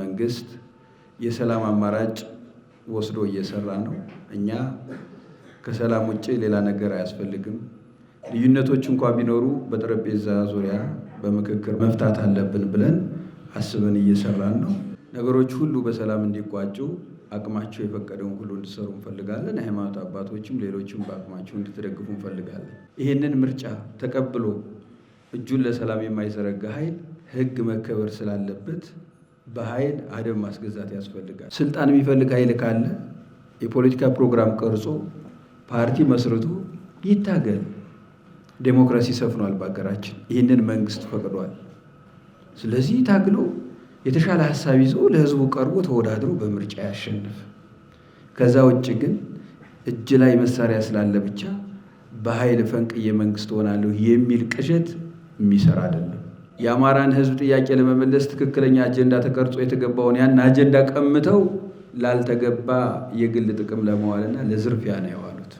መንግስት የሰላም አማራጭ ወስዶ እየሰራ ነው። እኛ ከሰላም ውጭ ሌላ ነገር አያስፈልግም። ልዩነቶች እንኳ ቢኖሩ በጠረጴዛ ዙሪያ በምክክር መፍታት አለብን ብለን አስበን እየሰራን ነው። ነገሮች ሁሉ በሰላም እንዲቋጩ አቅማቸው የፈቀደውን ሁሉ እንዲሰሩ እንፈልጋለን። የሃይማኖት አባቶችም ሌሎችም በአቅማቸው እንድትደግፉ እንፈልጋለን። ይህንን ምርጫ ተቀብሎ እጁን ለሰላም የማይዘረጋ ኃይል ህግ መከበር ስላለበት በኃይል አደብ ማስገዛት ያስፈልጋል። ስልጣን የሚፈልግ ኃይል ካለ የፖለቲካ ፕሮግራም ቀርጾ ፓርቲ መስርቶ ይታገል። ዴሞክራሲ ሰፍኗል በሀገራችን። ይህንን መንግስት ፈቅዷል። ስለዚህ ታግሎ የተሻለ ሀሳብ ይዞ ለህዝቡ ቀርቦ ተወዳድሮ በምርጫ ያሸንፍ። ከዛ ውጭ ግን እጅ ላይ መሳሪያ ስላለ ብቻ በኃይል ፈንቅዬ መንግስት ሆናለሁ የሚል ቅዠት የሚሰራ አይደለም። የአማራን ህዝብ ጥያቄ ለመመለስ ትክክለኛ አጀንዳ ተቀርጾ የተገባውን ያን አጀንዳ ቀምተው ላልተገባ የግል ጥቅም ለመዋልና ለዝርፊያ ነው የዋሉት።